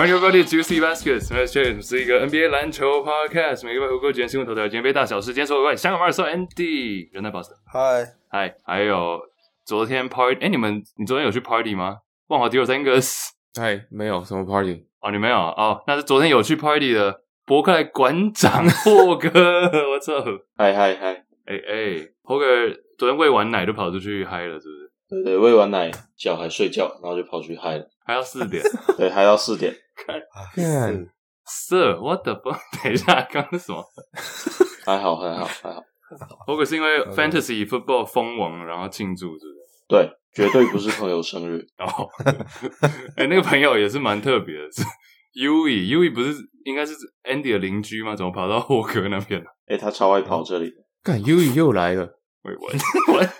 歡迎各位進入 Juicy Baskets，我是 James，是一個 NBA 籃球 podcast，每個月 week 每新聞頭條，今天被大小事，今天說各位香港馬爾松 Andy 仁愛 boss，嗨嗨，還有昨天 party，哎、欸，你們你昨天有去 party 嗎？萬華 d i 三個 s 嗨，hey, 沒有什麼 party，哦，你沒有哦，那是昨天有去 party 的柏克萊館長霍哥，我 操、 欸，嗨嗨嗨，哎 哎，霍哥昨天餵完奶就跑出去嗨了，是不是？對對，對，餵完奶腳還睡覺，然後就跑去嗨了，還要四點， 對，還要四點。 看、ah, yeah.，Sir，What the fuck？等一下，剛是什麼 還好？還好，還好，還好。霍哥是因為 Fantasy Football 封王，okay. 然後慶祝是不是？對，絕對不是朋友生日。然後，哎，那個朋友也是蠻特別的。Yui Yui 不是應該是 Andy 的鄰居嗎？怎麼跑到霍哥那邊了、啊？哎、欸，他超愛跑這裡。看 Yui 又來了，我問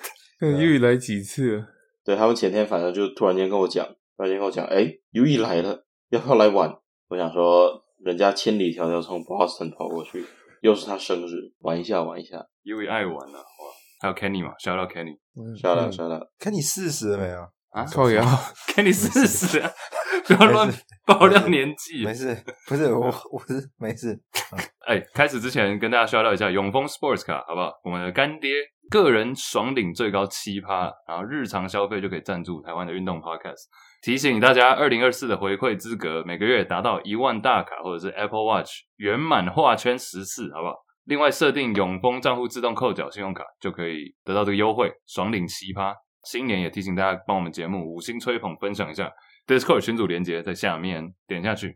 Yui 來幾次了？對，他們前天反正就突然間跟我講，突然間跟我講，哎、欸、Yui 來了。要不要來玩？我想說，人家千里迢迢從 Boston 跑過去，又是他生日，玩一下玩一下，因為愛玩吶、啊，好好？還有 Kenny 嘛，Shout out Kenny，Shout out Shout out，Kenny 四十了沒有啊？靠呀，Kenny 四十， 不要亂爆料年紀，沒事，不是我， 我，我是沒事。哎、嗯欸，開始之前跟大家 Shout out 一下，永豐 Sports 卡，好不好？我們的乾爹個人爽領最高七趴，然後日常消費就可以贊助台灣的運動 Podcast。提醒大家，二零二四的回饋資格，每個月達到一萬大卡或者是 Apple Watch，圓滿畫圈十次，好不好？另外設定永豐賬戶自動扣繳信用卡，就可以得到這個優惠，爽領七趴。新年也提醒大家，幫我們節目五星吹捧，分享一下 Discord 群組連結在下面點下去。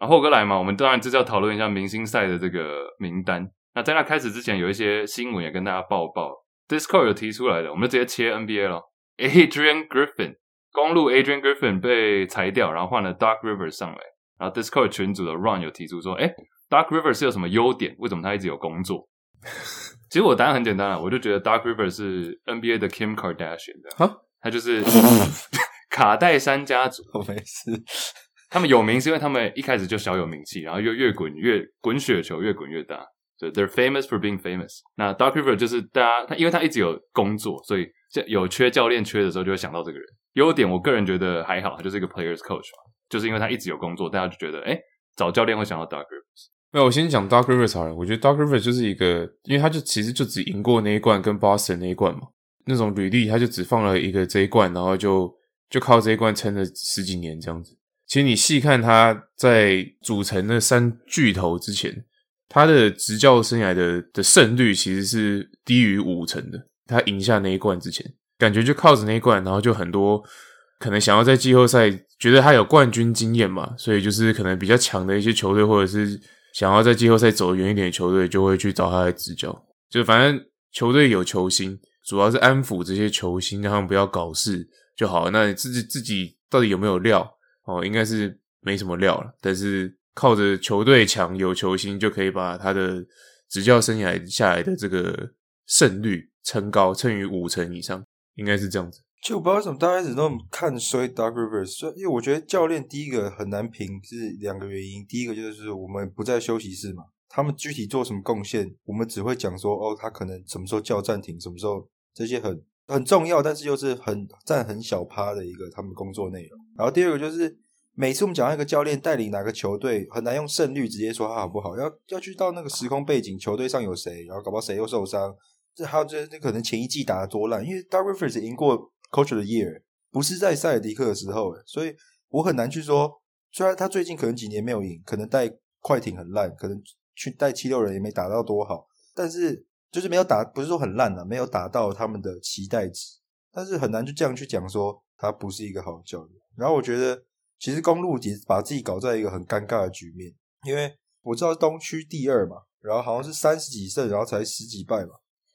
然、啊、霍哥來嘛，我們當然就是要討論一下明星賽的這個名單。那在那開始之前，有一些新聞也跟大家報報。Discord 有提出來的，我們就直接切 NBA 咯，Adrian Griffin。公路 Adrian Griffin 被裁掉，然後換了 Dark River 上來，然後 Discord 群組的 Run 有提出說：“誒 d a r k River 是有什麼優點？為什麼他一直有工作？”其實我答案很簡單啊，我就覺得 Dark River 是 NBA 的 Kim Kardashian 這樣，他就是卡戴珊家族。沒事，他們有名是因為他們一開始就小有名氣，然後又越，越滾越滾雪球，越滾越大。對、so、，They're famous for being famous。那 Dark River 就是大家他，因為他一直有工作，所以有缺教練缺的時候就會想到這個人。有點，我個人覺得還好，就是一個 players coach 嘛，就是因為他一直有工作，大家就覺得，哎、欸，找教練會想到 Doc Rivers。那我先講 Doc Rivers 好了，我覺得 Doc Rivers 就是一個，因為他就其實就只贏過那一冠跟 Boston 那一冠嘛，那種履歷他就只放了一個這一冠，然後就就靠這一冠撐了十幾年這樣子。其實你細看他在組成那三巨頭之前，他的執教生涯的的勝率其實是低於五成的。他贏下那一冠之前。感覺就靠着那一冠，然後就很多可能想要在季後賽，覺得他有冠軍經驗嘛，所以就是可能比較強的一些球隊，或者是想要在季後賽走遠一點的球隊，就會去找他來執教。就反正球隊有球星，主要是安撫這些球星，讓他們不要搞事就好。那你自己，自己到底有沒有料？哦，應該是沒什麼料了。但是靠着球隊強，有球星就可以把他的執教生涯下來的這個勝率撐高，撐於五成以上。應該是這樣子，就不知道為什麼大家一直都看衰 Doc Rivers，因為我覺得教練第一個很難評，是兩個原因。第一個就是我們不在休息室嘛，他們具體做什麼貢獻，我們只會講說哦，他可能什麼時候叫暫停，什麼時候這些很很重要，但是又是很占很小趴的一個他們工作內容。然後第二個就是每次我們講到一個教練帶領哪個球隊，很難用勝率直接說他好不好，要要去到那個時空背景，球隊上有誰，然後搞不好誰又受傷，這還有這，那可能前一季打得多爛，因為 Doc Rivers 贏過 Coach of the Year，不是在塞爾迪克的時候，所以我很難去說，雖然他最近可能幾年沒有贏，可能帶快艇很爛，可能去帶七六人也沒打到多好，但是就是沒有打，不是說很爛了，沒有打到他們的期待值，但是很難就這樣去講說他不是一個好的教練。然後我覺得，其實公鹿級把自己搞在一個很尷尬的局面，因為我知道東區第二嘛，然後好像是三十幾勝，然後才十幾敗嘛。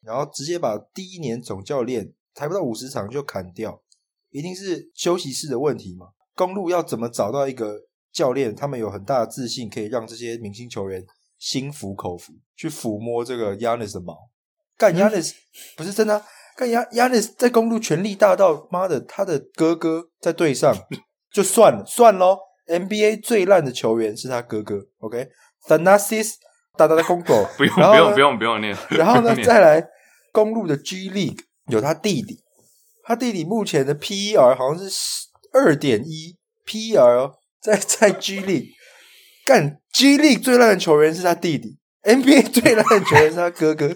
然後直接把第一年總教練抬不到五十場就砍掉，一定是休息室的問題嘛？公鹿要怎麼找到一個教練？他們有很大的自信，可以讓這些明星球員心服口服，去撫摸這個 Giannis 的毛。幹 Giannis、嗯、不是真的。幹 Y Giannis 在公鹿權力大到媽的，他的哥哥在隊上就算了，算咯。NBA 最爛的球員是他哥哥。OK，Thanasis 大大的公狗，不用不用不用不用念。然後呢，再來。公路的 G League 有他弟弟，他弟弟目前的 PER 好像是二點一，PER、哦、在在 G League 幹 G League 最爛的球員是他弟弟，NBA 最爛的球員是他哥哥。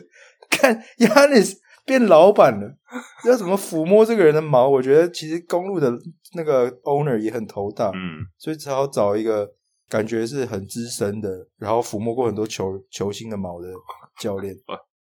看 Giannis 變老闆了，要怎麼撫摸這個人的毛？我覺得其實公路的那個 owner 也很頭大，嗯，所以只好找一個感覺是很資深的，然後撫摸過很多球球星的毛的教練。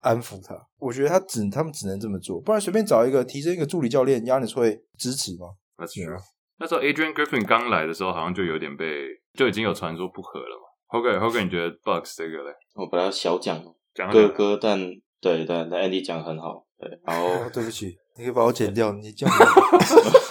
安撫他，我覺得他只他們只能這麼做，不然隨便找一個提升一個助理教練，壓力斯會支持嗎？那去啊！那時候 Adrian Griffin 剛來的時候，好像就有點被就已經有傳說不合了嘛。霍哥、okay, 霍哥，、okay, 你覺得 Bucks 這個嘞？我本來要小講，講，講哥哥，但對但但 Andy 講很好。哦，oh, 對不起，你可以把我剪掉， 你叫給我。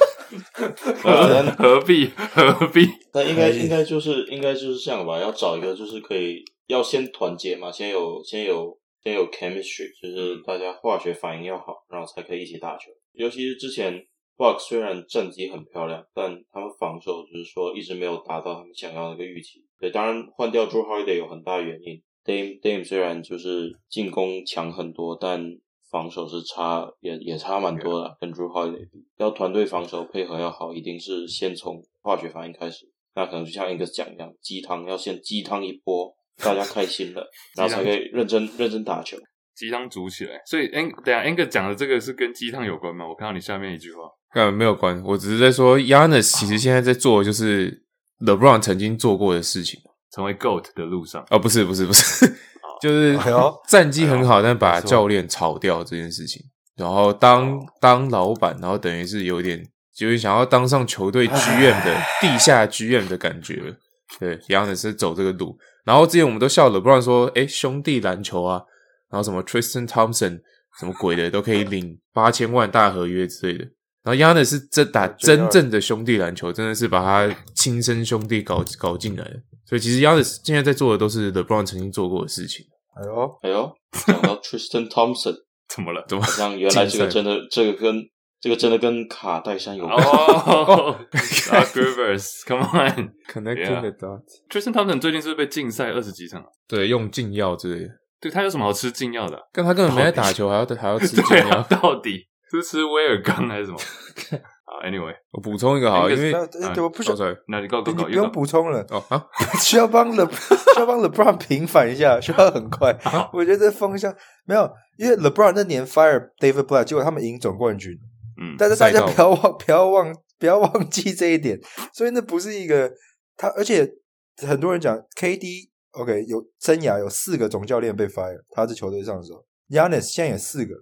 何何必何必？那應該應該就是應該就是這樣吧？要找一個就是可以要先團結嘛，先有先有。先有 chemistry，就是大家化學反應要好，嗯、然後才可以一起打球。尤其是之前 Bucks 雖然戰績很漂亮，但他們防守就是說一直沒有達到他們想要的那個預期。對，當然換掉 Jrue Holiday 有很大原因。Dame Dame 雖然就是進攻強很多，但防守是差，也也差蠻多的，yeah. 跟 Jrue Holiday 比。要團隊防守配合要好，一定是先從化學反應開始。那可能就像 Angus 講一樣，雞湯要先雞湯一波。大家開心了，然後才可以認真 認真打球。雞湯煮起來，所以安等下安哥講的這個是跟雞湯有關嗎？我看到你下面一句話，啊沒有關係，我只是在說 Giannis 其實現在在做的就是 LeBron 曾經做過的事情，成為 GOAT 的路上。啊、哦，不是不是不是，不是 就是戰績很好，但把教練炒掉這件事情，然後當當老闆，然後等於是有點就是想要當上球隊 GM 的 地下 GM 的感覺了。對，Yannis 是走這個路，然後之前我們都笑了，不然說，誒、欸，兄弟籃球啊，然後什麼 Tristan Thompson 什麼鬼的都可以領八千萬大合約之類的，然後 Yannis 是這打真正的兄弟籃球，真的是把他親生兄弟搞搞進來的。所以其實 Yannis 現在在做的都是 LeBron 曾經做過的事情。哎呦，哎呦，講到 Tristan Thompson 怎麼了？怎麼好像原來這個真的這個跟。這個真的跟卡戴珊有哦，Gravers，Come、oh, oh, okay. on，Connecting、yeah. the dots。Tristan Thompson 最近是不是被禁賽二十幾場了、啊？對，用禁藥之類的。對他有什麼好吃禁藥的、啊？但他根本沒在打球，還要還要吃禁藥、啊，到底是吃威爾剛還是什麼 ？Anyway，我補充一個好，因為我、uh, no, 欸、不、oh, huh? 需要，那你搞搞搞，不用補充了需要幫 LeBron 平反一下， 需要很快。Oh. 我覺得這方向沒有，因為 LeBron 那年 Fire David Blatt，結果他們贏總冠軍。嗯，但是大家不要忘，不要忘，不要忘，不要忘記這一點。所以那不是一個他，而且很多人講 KD OK 有生涯，有四個總教練被 fire，他在球隊上的時候，Giannis 現在有四個，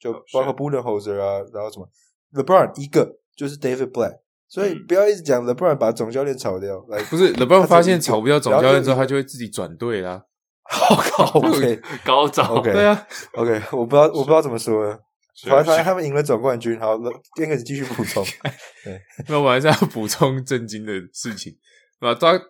就包括 Budenholzer 啊、哦，然後什麼 LeBron 一個就是 David Blatt，所以不要一直講、嗯、LeBron 把總教練炒掉，來不是 LeBron 發現炒不掉總教練之後，他就會自己轉隊啦。好 搞 OK 高招 OK 對啊 OK 我不知道我不知道怎麼說呢。反正他們贏了總冠軍，好，今天開始繼續補充。 對 那我們還是要補充震驚的事情。那 Doc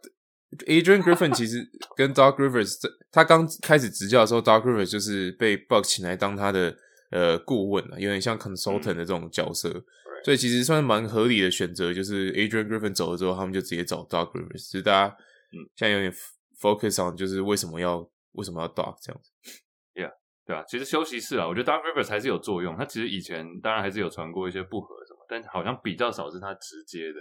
Adrian Griffin 其實跟 Doc Rivers，他剛開始執教的時候 Doc Rivers 就是被 Buck 請來當他的呃顧問啊，有點像 consultant 的這種角色，mm -hmm. 所以其實算是蠻合理的選擇。就是 Adrian Griffin 走了之後，他們就直接找 Doc Rivers。所以大家現在有點 focus on 就是為什麼要為什麼要 Doc 這樣子。對吧？啊，其實休息室啊，我覺得 Doc Rivers 還是有作用。它其實以前當然還是有傳過一些不合什麼，但好像比較少是它直接的。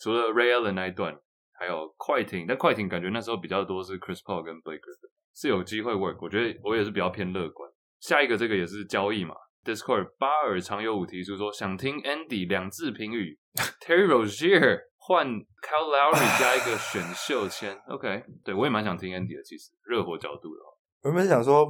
除了 Ray Allen 的那一段，還有快艇。但快艇感覺那時候比較多是 Chris Paul 跟 Blake 的，是有機會 work。我覺得我也是比較偏樂觀。下一個這個也是交易嘛，Discord 巴爾常有五提出說想聽 Andy 兩字評語，Terry Rozier 換 Kyle Lowry 加一個選秀籤 ，OK？對我也蠻想聽 Andy 的，其實熱火角度的。原本想說，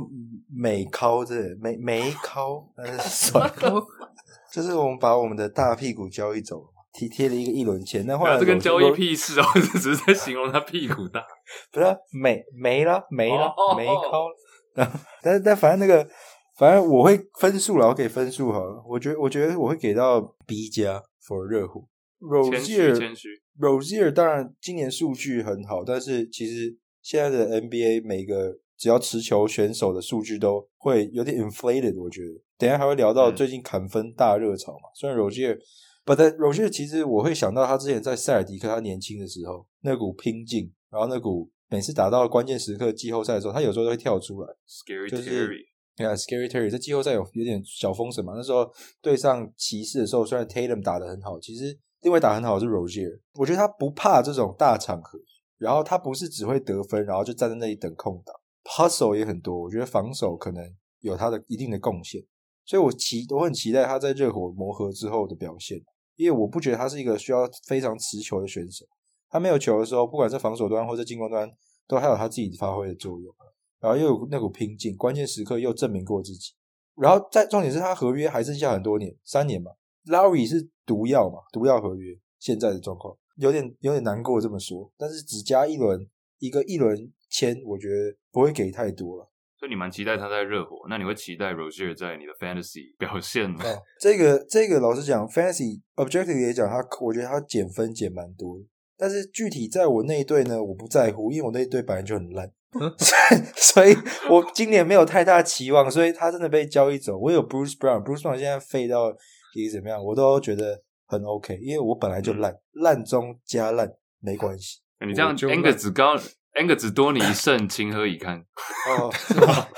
美尻這，美，美尻，但是算了。 就是我們把我們的大屁股交易走了，貼了一個一輪錢。那這跟交易屁事哦、喔，只 是在形容他屁股大。不是、啊、美沒了沒了美尻。美啦美啦 oh 美尻 oh、但但但反正那個，反正我會分數了，我給分數好了，我覺得我覺得我會給到 B 加 for 熱火。謙虛，Rozier 當然今年數據很好，但是其實現在的 NBA 每個。只要持球選手的數據都會有點 inflated，我覺得。等一下還會聊到最近砍分大熱潮嘛。雖然 Rozier, but Rozier 其實我會想到他之前在塞爾迪克，他年輕的時候那股拼勁，然後那股每次打到關鍵時刻季後賽的時候，他有時候都會跳出來 yeah, scary Terry。對啊，scary Terry 在季後賽有有點小封神嘛。那時候對上騎士的時候，雖然 Tatum 打得很好，其實另外打很好是 Rozier。我覺得他不怕這種大場合，然後他不是只會得分，然後就站在那裡等空檔。Puzzle 也很多，我覺得防守可能有他的一定的貢獻，所以我期我很期待他在熱火磨合之後的表現，因為我不覺得他是一個需要非常持球的選手，他沒有球的時候，不管是防守端或者進攻端，都還有他自己發揮的作用，然後又有那股拼勁，關鍵時刻又證明過自己，然後在重點是他合約還剩下很多年，三年嘛，Lowry 是毒藥嘛，毒藥合約現在的狀況有點有點難過這麼說，但是只加一輪一個一輪簽，我覺得。不會給太多了，所以你蠻期待他在熱火。那你會期待 Rozier 在你的 Fantasy 表現嗎？哦、這個這個老實講 ，Fantasy objectively 也講，他我覺得他減分減蠻多。但是具體在我那一隊呢，我不在乎，因為我那一隊本來就很爛，嗯 所，所以我今年沒有太大期望。所以他真的被交易走，我有 Bruce Brown，Bruce Brown 現在廢到以怎麼樣，我都覺得很 OK，因為我本來就爛，嗯、爛中加爛沒關係。嗯、就你這樣 Angus 高。Angus 多你一勝，情 何以堪？哦、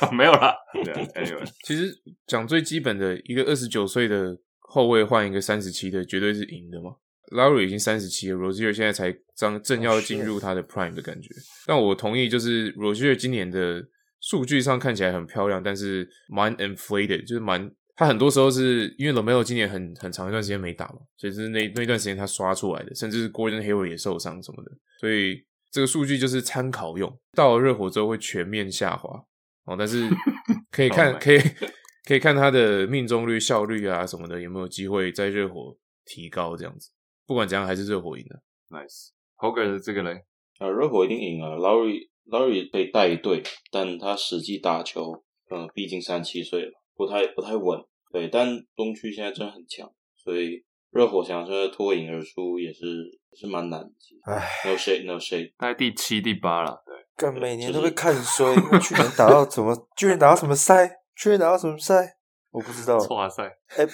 oh, 沒有了啦、yeah。Anyway, 其實講最基本的一個二十九歲的後衛換一個三十七的，絕對是贏的嘛。Lowry 已經三十七了，Rozier 現在才正要進入他的 Prime 的感覺。Oh, sure. 但我同意，就是 Rozier 今年的數據上看起來很漂亮，但是蠻 inflated，就是蠻他很多時候是因為 LaMelo 今年很很長一段時間沒打嘛，所、就、以是那那段時間他刷出來的，甚至是 Gordon Hayward 也受傷什麼的，所以。這個數據就是參考用，到了熱火之後會全面下滑哦。但是可以看， 可以可以看他的命中率、效率啊什麼的，有沒有機會在熱火提高這樣子。不管怎樣，還是熱火贏了。Nice、嗯、霍哥這個嘞，啊、呃，熱火一定贏了、啊。Lowry Lowry 也被帶一隊，但他實際打球，嗯，畢竟三十七歲了，不太不太穩。對，但東區現在真的很強，所以熱火想真的脫穎而出也是也是蠻難及的。哎，no shade，no shade，大概第七、第八啦。對，但每年都會看衰。去年、就是、 打到什麼？去年打到什麼賽？去年打到什麼賽？我不知道。錯啊賽。哎、欸，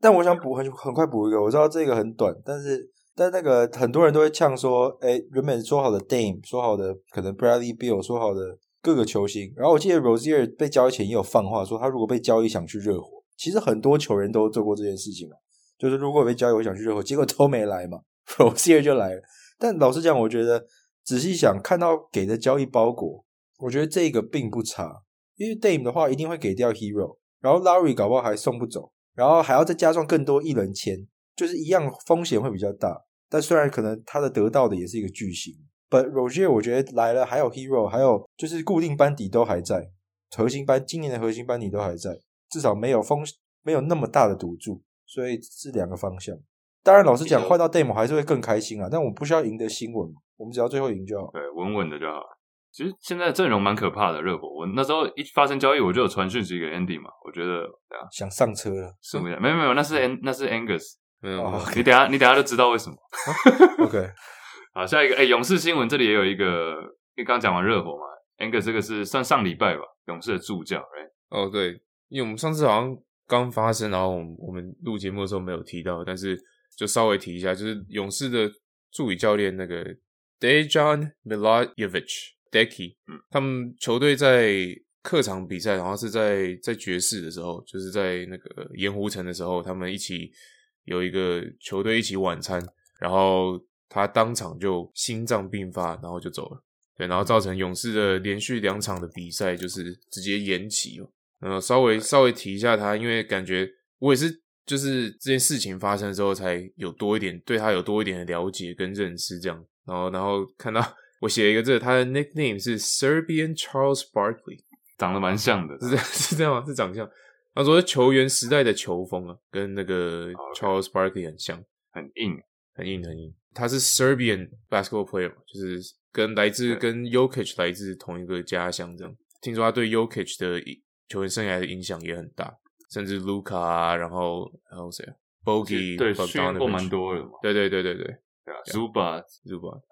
但我想補很很快補一個。我知道這個很短，但是但那個很多人都會嗆說：“哎、欸，原本說好的 Dame，說好的可能 Bradley Beal 說好的各個球星。”然後我記得 Rozier 被交易前也有放話說：“他如果被交易，想去熱火。”其實很多球員都做過這件事情嘛。就是如果被交易，我想去熱火，結果都沒來嘛。Rozier 就來了，但老實講，我覺得仔細想，看到給的交易包裹，我覺得這個並不差。因為 Dame 的話一定會給掉 Herro，然後 Lowry 搞不好還送不走，然後還要再加上更多一輪簽，就是一樣風險會比較大。但雖然可能他的得到的也是一個巨星，But Rozier 我覺得來了，還有 Herro，還有就是固定班底都還在，核心班今年的核心班底都還在，至少沒有風，沒有那麼大的賭注。所以是兩個方向。當然老實講，老實講，換到 Dame 還是會更開心啊。但我們不需要贏得新聞嘛，我們只要最後贏就好。對，穩穩的就好。其實現在的陣容蠻可怕的，熱火。我那時候一發生交易，我就有傳訊息給 Andy 嘛。我覺得想上車，什麼呀？沒沒沒有，那是 Ang，那是 Angus。沒、嗯、有，嗯 oh, okay. 你等下，你等下就知道為什麼。啊、OK， 好，下一個，哎、欸，勇士新聞這裡也有一個，因為剛講完熱火嘛，Angus 這個是算上禮拜吧，勇士的助教。哎，哦，對，因為我們上次好像。剛發生，然後我們我們錄節目的時候沒有提到，但是就稍微提一下，就是勇士的助理教練那個 Dejan Milojević，Deki，他們球隊在客場比賽，然後是在在爵士的時候，就是在那個鹽湖城的時候，他們一起有一個球隊一起晚餐，然後他當場就心臟病發，然後就走了，對，然後造成勇士的連續兩場的比賽就是直接延期嘛。呃，稍微稍微提一下他，因為感覺我也是，就是這件事情發生之後，才有多一點對他有多一點的了解跟認知，這樣。然後，然後看到我寫了一個字，他的 nickname 是 Serbian Charles Barkley，長得蠻像的，是是這樣嗎？是長相？他說球員時代的球風啊，跟那個 Charles Barkley 很像，很硬，很硬，很硬。他是 Serbian basketball player，就是跟來自、嗯、跟 Jokic 來自同一個家鄉，這樣。聽說他對 Jokic 的。球員生涯的影響也很大，甚至盧卡啊，然後還有誰啊 Boogie 對，雖然蠻多了嘛。對對對對對對啊！Zubat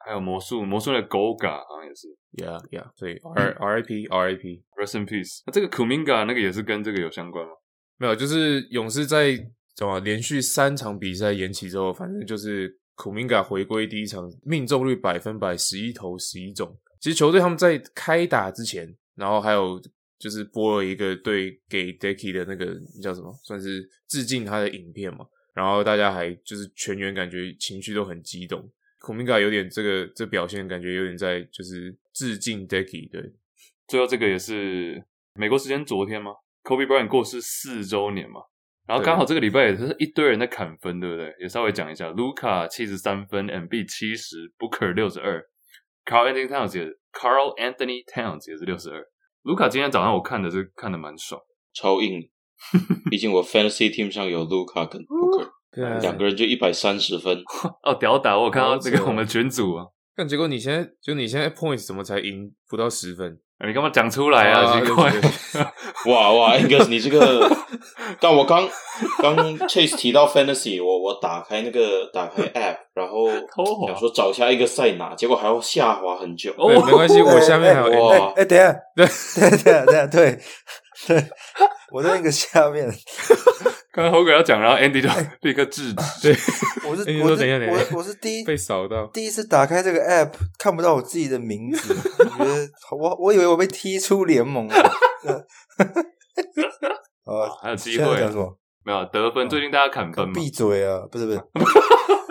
還有魔術魔術的 Goga 好像也是，Yeah Yeah。所以 R, RIP, RIP Rest in peace。那這個 Kuminga 那個也是跟這個有相關嗎？沒有，就是勇士在怎麼連續三場比賽延期之後，反正就是 Kuminga 回歸第一場命中率百分百，十一投十一中。其實球隊他們在開打之前，然後還有。就是播了一個對給 Deki 的那個叫什麼，算是致敬他的影片嘛。然後大家還就是全員感覺情緒都很激動。Kuminga 有點這個這表現，感覺有點在就是致敬 Deki 對，最後這個也是美國時間昨天嘛？Kobe Bryant 過世四周年嘛。然後剛好這個禮拜也是一堆人在砍分，對不對？也稍微講一下：Luka 七十三分，M B 七十，Booker 六十二，Carl Anthony Towns 也是，Carl Anthony Towns 也是六十二。盧卡今天早上我看的是看得蠻爽的，超硬。 畢竟我 fantasy team 上有盧卡跟布克， 兩個人就一百三十分。啊、 哦，屌打！我看到這個我們群組啊，但 結果你現在就你現在 points 怎麼才贏不到十分？你幹嘛講出來啊？哇，對對對，哇，Angus，你這個， 但我剛剛 Chase 提到 Fantasy，我我打開那個打開 App，然後想、oh. 說找下一個塞納，結果還要下滑很久。哦，oh. 沒關係，我下面還有個哎、欸欸欸，等一下，對對下對 對，我在那個下面。 剛剛猴哥要講，然後 Andy 就立刻制止。對，我是 我我我是第一被掃到，第一次打開這個 App 看不到我自己的名字， 我覺得我我以為我被踢出聯盟了。 啊，還有機會？在在講什麼？沒有得分？最近大家砍分嘛？閉嘴啊！不是不是，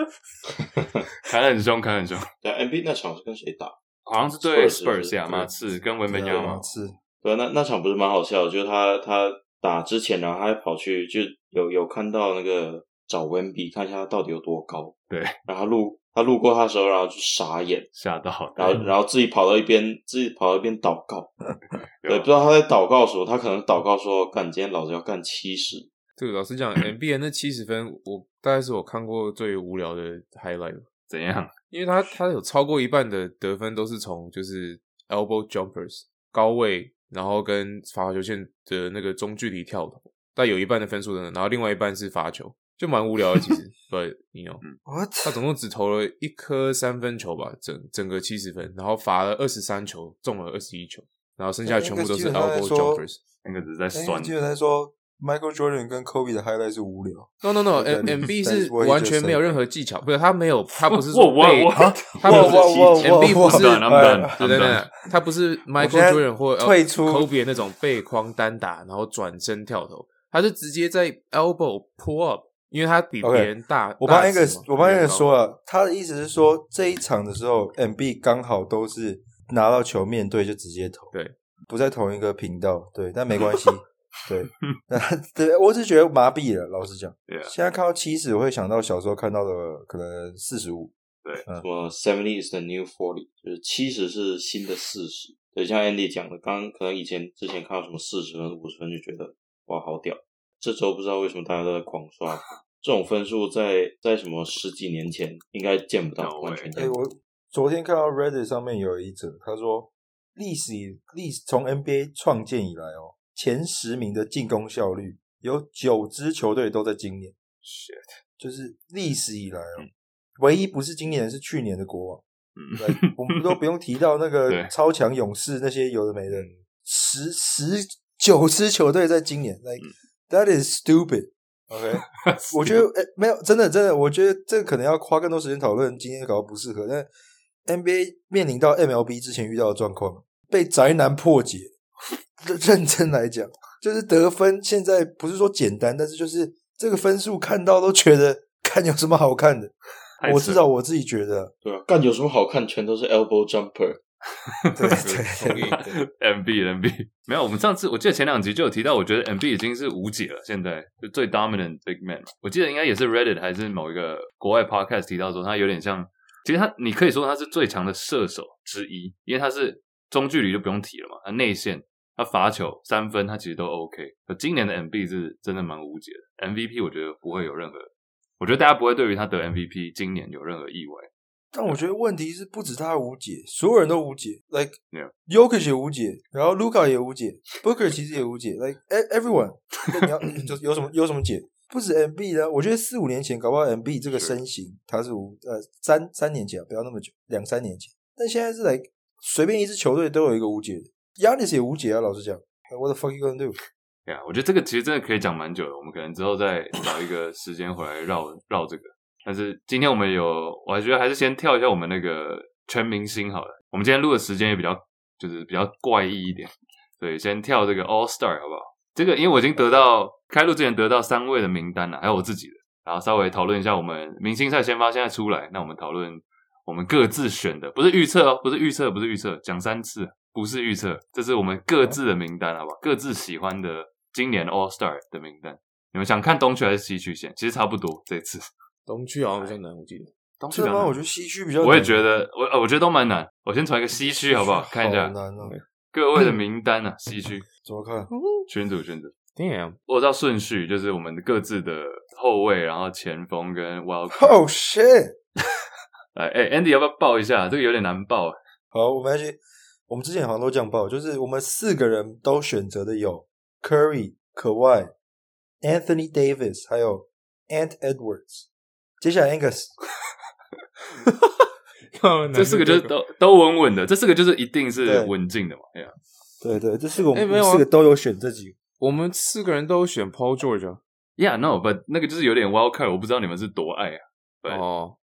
砍很凶，砍很凶。那 M B 那場是跟誰打？好像是對 Spurs 呀，馬刺跟文班亞馬嘛，是。對，對那那場不是蠻好笑，就是他他。打之前然後他還跑去就有有看到那個找 Wemby 看一下他到底有多高。對，然後他路他路過他的時候，然後就傻眼，嚇到。然後然後自己跑到一邊， 自己跑到一邊禱告。也 不知道他在禱告的時候，他可能禱告說幹今天老子要幹七十。這個老實講，NBA 那七十分，我大概是我看過最無聊的 highlight。怎樣？因為他他有超過一半的得分都是從就是 elbow jumpers 高位。然後跟罰球線的那個中距離跳投，但有一半的分數呢，然後另外一半是罰球，就蠻無聊的。其實， but you know, What? 他總共只投了一顆三分球吧，整整個七十分，然後罰了二十三球，中了二十一球，然後剩下全部都是 elbow jumpers，、欸那個、那個只在算。欸那個、記得他說。Michael Jordan 跟 Kobe 的 highlight 是無聊。No no no，M B 是完全沒有任何技巧，不是他沒有，他不是背， 哇哇哇哇他不是 哇哇哇 M B 不是，對對對，他不是 Michael Jordan 或退出、oh, Kobe 的那種背框單打，然後轉身跳投，他是直接在 elbow pull up，因為他比別人大。Okay, 大我幫一個，我幫一個說了,一個說了，他的意思是說這一場的時候，M B 剛好都是拿到球面對就直接投，對，不在同一個頻道，對，但沒關係。對， 對，我是覺得麻痹了。老實講，對啊。現在看到七十，我會想到小時候看到的可能四十五。對、嗯，什麼 seventy is the new forty，就是70是新的四十。對，像 Andy 講的，剛剛可能以前之前看到什麼四十分、五十分，就覺得哇，好屌。這週不知道為什麼大家都在狂刷這種分數，在在什麼十幾年前應該見不到，到完全見不到。哎、欸，我昨天看到 Reddit 上面有一則，他說歷史歷從 NBA 創建以來哦。前十名的進攻效率，有九支球隊都在今年。Shit，就是歷史以來、喔、唯一不是今年的是去年的國王。 對，我們都不用提到那個超強勇士，那些有的沒的， 十十九支球隊在今年。Like, That is stupid. OK， 我覺得哎、欸，沒有，真的真的，我覺得這個可能要花更多時間討論。今年搞不適合，但 NBA 面臨到 MLB 之前遇到的狀況，被宅男破解。認真來講，就是得分現在不是說簡單，但是就是這個分數看到都覺得看有什麼好看的？我至少我自己覺得，對啊，幹有什麼好看？全都是 Elbow Jumper， 對對，對, okay, 對 ，MB MB 沒有。我們上次我記得前兩集就有提到，我覺得 MB 已經是無解了。現在就最 Dominant Big Man，我記得應該也是 Reddit 還是某一個國外 Podcast 提到說他有點像，其實他你可以說他是最強的射手之一，因為他是中距離就不用提了嘛，他內線，他罰球三分，他其實都 OK。今年的 M B 是真的蠻無解的，M V P 我覺得不會有任何，我覺得大家不會對於他得 M V P 今年有任何意外。但我覺得問題是不止他無解，所有人都無解，Like Jokic，yeah. 也無解，然後 Luka 也無解，Booker 其實也無解，Like 哎，Everyone 你要就有什麼有什麼解，不止 M B 呢。我覺得四五年前搞不好 M B 這個身形他是無呃三三年前不要那麼久，兩三年前，但現在是來隨便一支球隊都有一個無解的。亞尼斯也無解啊！老實講，What the fuck you gonna do？對、yeah, 我覺得這個其實真的可以講蠻久的。我們可能之後再找一個時間回來繞繞這個。但是今天我們有，我還覺得還是先跳一下我們那個全明星好了。我們今天錄的時間也比較就是比較怪異一點，所以先跳這個 All Star 好不好？這個因為我已經得到、yeah. 開錄之前得到三位的名單了，還有我自己的，然後稍微討論一下我們明星賽先發現在出來，那我們討論我們各自選的，不是預測哦，不是預測，不是預測，講三次。不是預測，這是我們各自的名單好不好，好、欸、吧？各自喜歡的今年的 All Star 的名單，你們想看東區還是西區先？其實差不多這次。東區好像比較難，我記得。東區的話我覺得西區比較難。我也覺得，我呃，我覺得都蠻難。我先傳一個西區，好不好？好哦、看一下、嗯。各位的名單啊 西區怎麼看？群組，群組，Damn！我知道順序，就是我們各自的後衛，然後前鋒跟 Welker。Oh shit！哎 哎、欸、，Andy 要不要報一下？這個有點難報。好，我們先。我們之前好像都這樣報，就是我們四個人都選擇的有 Curry、Kawhi、Anthony Davis，還有 Ant Edwards。接下來 Angus， 這四個就是都都穩穩的，這四個就是一定是穩進的嘛？對啊，yeah. 對對，這四個我們、啊、四個都有選這幾，我們四個人都選 Paul George、啊。Yeah, no, but 那個就是有點 Wild Card，我不知道你們是多愛啊。哦、oh.。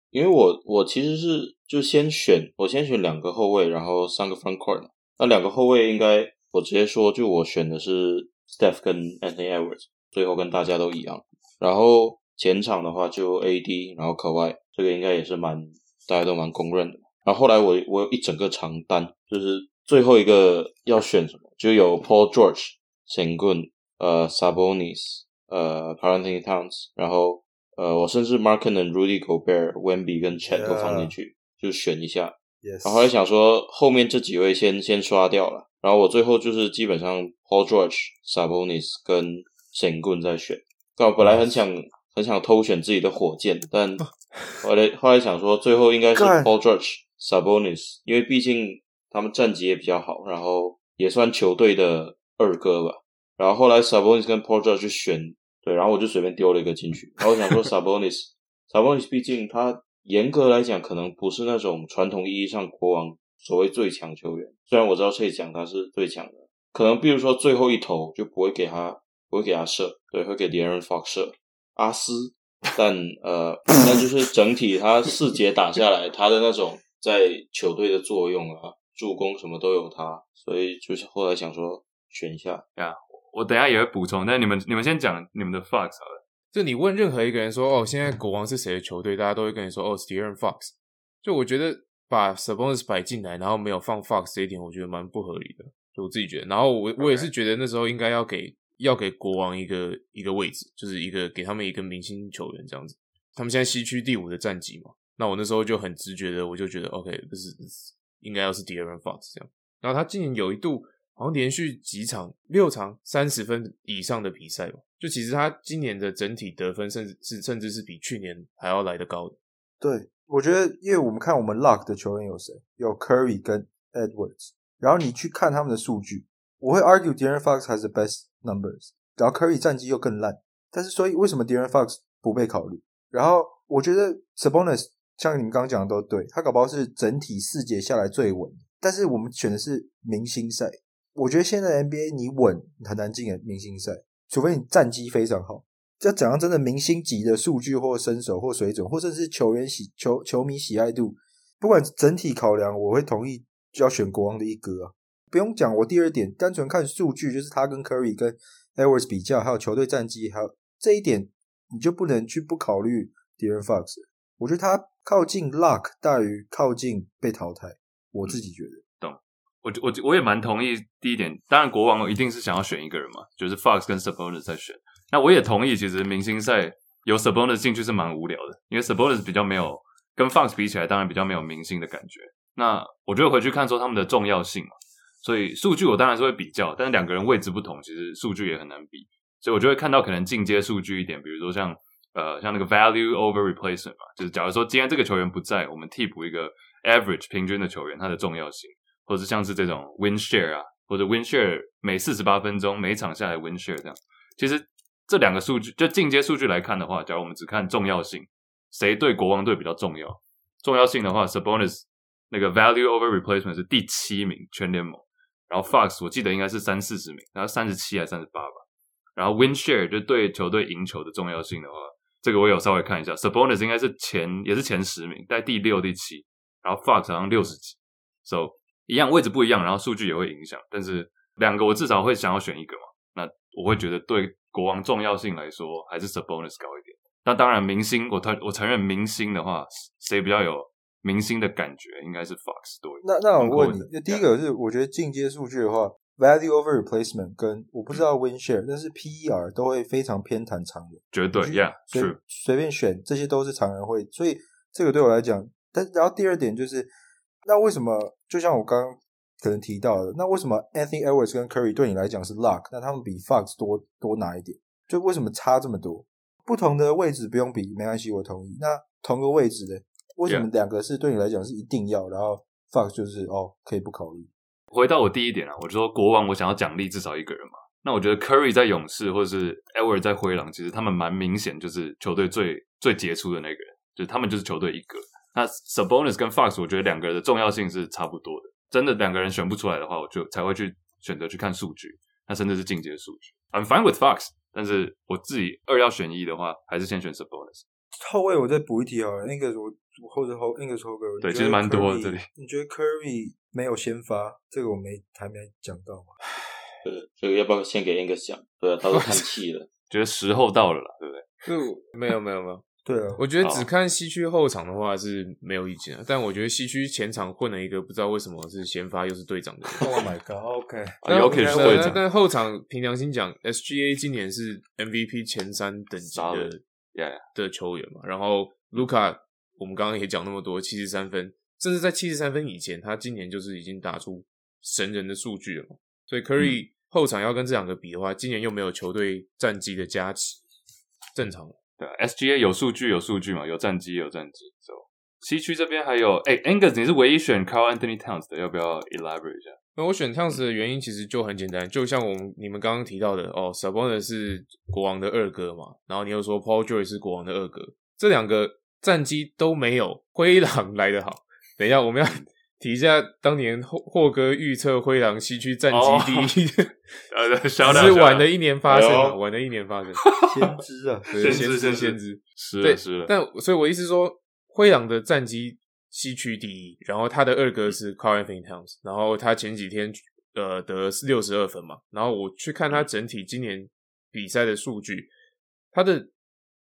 因為我我其實是就先選我先選兩個後衛，然後三個 front court。那兩個後衛應該我直接說，就我選的是 Steph 跟 Anthony Edwards，最後跟大家都一樣。然後前場的話就 AD，然後 Kawhi，這個應該也是蠻大家都蠻公認的。然後後來我我有一整個長單，就是最後一個要選什麼，就有 Paul George、Sengun、呃 Sabonis、呃 Karl-Anthony Towns，然後。呃，我甚至 Markkanen 跟 Rudy Gobert、Wenby 跟 Chet 都放進去，yeah. 就選一下。Yes. 然後，後來想說後面這幾位先先刷掉了，然後我最後就是基本上 Paul George、Sabonis 跟 Sengun 在選。但我本來很想、nice. 很想偷選自己的火箭，但後來後來想說最後應該是 Paul George、Sabonis，因為畢竟他們戰績也比較好，然後也算球隊的二哥吧。然後後來 Sabonis 跟 Paul George 去選。對，然後我就隨便丟了一個進去。然後我想說，Sabonis，Sabonis， Sabonis 畢竟他嚴格來講，可能不是那種傳統意義上國王所謂最強球員。雖然我知道這一講他是最強的，可能比如說最後一投就不會給他，不會給他射，對，會給別人 Fox 射。阿斯，但呃，但 就是整體他四節打下來，他的那種在球隊的作用啊，助攻什麼都有他，所以就是後來想說選一下，yeah. 我等一下也會補充，但你們你們先講你們的 Fox 好了。就你問任何一個人說，哦，現在國王是誰的球隊？大家都會跟你說，哦，是 De'Aaron Fox。就我覺得把 Sabonis 擺進來，然後沒有放 Fox 這一點，我覺得蠻不合理的。就我自己覺得，然後我我也是覺得那時候應該要給要給國王一個一個位置，就是一個給他們一個明星球員這樣子。他們現在西區第五的戰績嘛，那我那時候就很直覺的，我就覺得 OK，不是應該要是 De'Aaron Fox 這樣。然後他今年有一度。好像連續幾場六場三十分以上的比賽吧，就其實他今年的整體得分，甚至是甚至是比去年還要來得高的。對，我覺得，因為我們看我們 Luck 的球員有誰，有 Curry 跟 Edwards，然後你去看他們的數據，我會 argue De'Aaron Fox has the best numbers，然後 Curry 戰績又更爛，但是所以為什麼 De'Aaron Fox 不被考慮？然後我覺得 Sabonis，像你們剛剛講的都對，他搞不好是整體四節下來最穩，但是我們選的是明星賽。我覺得現在 NBA 你穩很難進的明星賽，除非你戰績非常好。要講到真的明星級的數據或身手或水準，或者是球員喜球球迷喜愛度，不管整體考量，我會同意就要選國王的一哥啊。不用講，我第二點，單純看數據，就是他跟 Curry 跟 Edwards 比較，還有球隊戰績，還有這一點，你就不能去不考慮 De'Aaron Fox。我覺得他靠近 lock 大於靠近被淘汰，我自己覺得。嗯我我我也蠻同意第一點，當然國王一定是想要選一個人嘛，就是 Fox 跟 Sabonis 在選。那我也同意，其實明星賽有 Sabonis 進去是蠻無聊的，因為 Sabonis 比較沒有跟 Fox 比起來，當然比較沒有明星的感覺。那我就會回去看說他們的重要性嘛，所以數據我當然是會比較，但是兩個人位置不同，其實數據也很難比。所以我就會看到可能進階數據一點，比如說像呃像那個 Value Over Replacement 嘛，就是假如說今天這個球員不在，我們替補一個 Average 平均的球員，他的重要性。或者像是這種 win share 啊，或者 win share 每四十八分鐘每一場下來 win share 這樣，其實這兩個數據就進階數據來看的話，假如我們只看重要性，誰對國王隊比較重要？重要性的話 Sabonis 那個 value over replacement 是第七名全聯盟，然後 Fox 我記得應該是三四十名，然後三十七還三十八吧，然後 win share 就對球隊贏球的重要性的話，這個我有稍微看一下 Sabonis 應該是前也是前十名，在第六第七，然後 Fox 好像六十幾，so。一樣位置不一樣，然後數據也會影響，但是兩個我至少會想要選一個嘛。那我會覺得對國王重要性來說，還是 Sabonis 高一點。那當然，明星我承我承認明星的話，誰比較有明星的感覺，應該是 Fox 多一點。那那我問你，yeah. 第一個是我覺得進階數據的話，value over replacement 跟我不知道 win share，、嗯、但是 PER 都會非常偏袒長人。絕對隨，Yeah，隨隨便選，這些都是長人會。所以這個對我來講，但然後第二點就是。那為什麼，就像我剛剛可能提到的，那為什麼 Anthony Edwards 跟 Curry 對你來講是 luck，那他們比 Fox 多多拿一點，就為什麼差這麼多？不同的位置不用比，沒關係，我同意。那同個位置的，為什麼兩個是對你來講是一定要，yeah. 然後 Fox 就是哦可以不考慮？回到我第一點啊，我就說國王我想要獎勵至少一個人嘛，那我覺得 Curry 在勇士或者是 Edwards 在灰狼，其實他們蠻明顯就是球隊最最傑出的那個人，就他們就是球隊一個。那 Sabonis 跟 Fox 我覺得兩個人的重要性是差不多的，真的兩個人選不出來的話，我就才會去選擇去看數據，那甚至是進階數據。I'm fine with Fox，但是我自己二要選一的話，還是先選 Sabonis。後位我再補一題好了，那個我我後之後那個霍哥，對，Curry, 其實蠻多這裡。你覺得 Curry 沒有先發，這個我沒還沒講到嗎 對，這個要不要先給那個講？對啊，他都嘆氣了， 覺得時候到了了， 對不對？就沒有沒有沒有。沒有沒有對，啊，我覺得只看西區後場的話是沒有意見啊，但我覺得西區前場混了一個不知道為什麼是先發又是隊長的人。Oh my god！OK，那 OK，呃、是隊長。但後場憑良心講，SGA 今年是 MVP 前三等級的，yeah. 的球員嘛？然後盧卡，我們剛剛也講那麼多，七十三分，甚至在七十三分以前，他今年就是已經打出神人的數據了嘛。所以 Curry，嗯、後場要跟這兩個比的話，今年又沒有球隊戰績的加持，正常。SGA 有數據有數據嘛？有戰績有戰績。走、so,，西區這邊還有哎，Angus，你是唯一選 Karl-Anthony Towns 的，要不要 elaborate 一下？因、嗯、為我選 Towns 的原因其實就很簡單，就像我們你們剛剛提到的哦 Sabonis 是國王的二哥嘛，然後你又說 Paul George 是國王的二哥，這兩個戰績都沒有灰狼來得好。等一下，我們要。 提一下當年霍霍哥預測灰狼西區戰績第一，呃，是晚了一年發生，啊，晚 了一年發生，啊哎，先知啊，先知，就是，先知，是對，是，是但所以，我意思說，灰狼的戰績西區第一，然後他的二哥是 Karl-Anthony Towns，然後他前幾天呃得六十二分嘛，然後我去看他整體今年比賽的數據，他的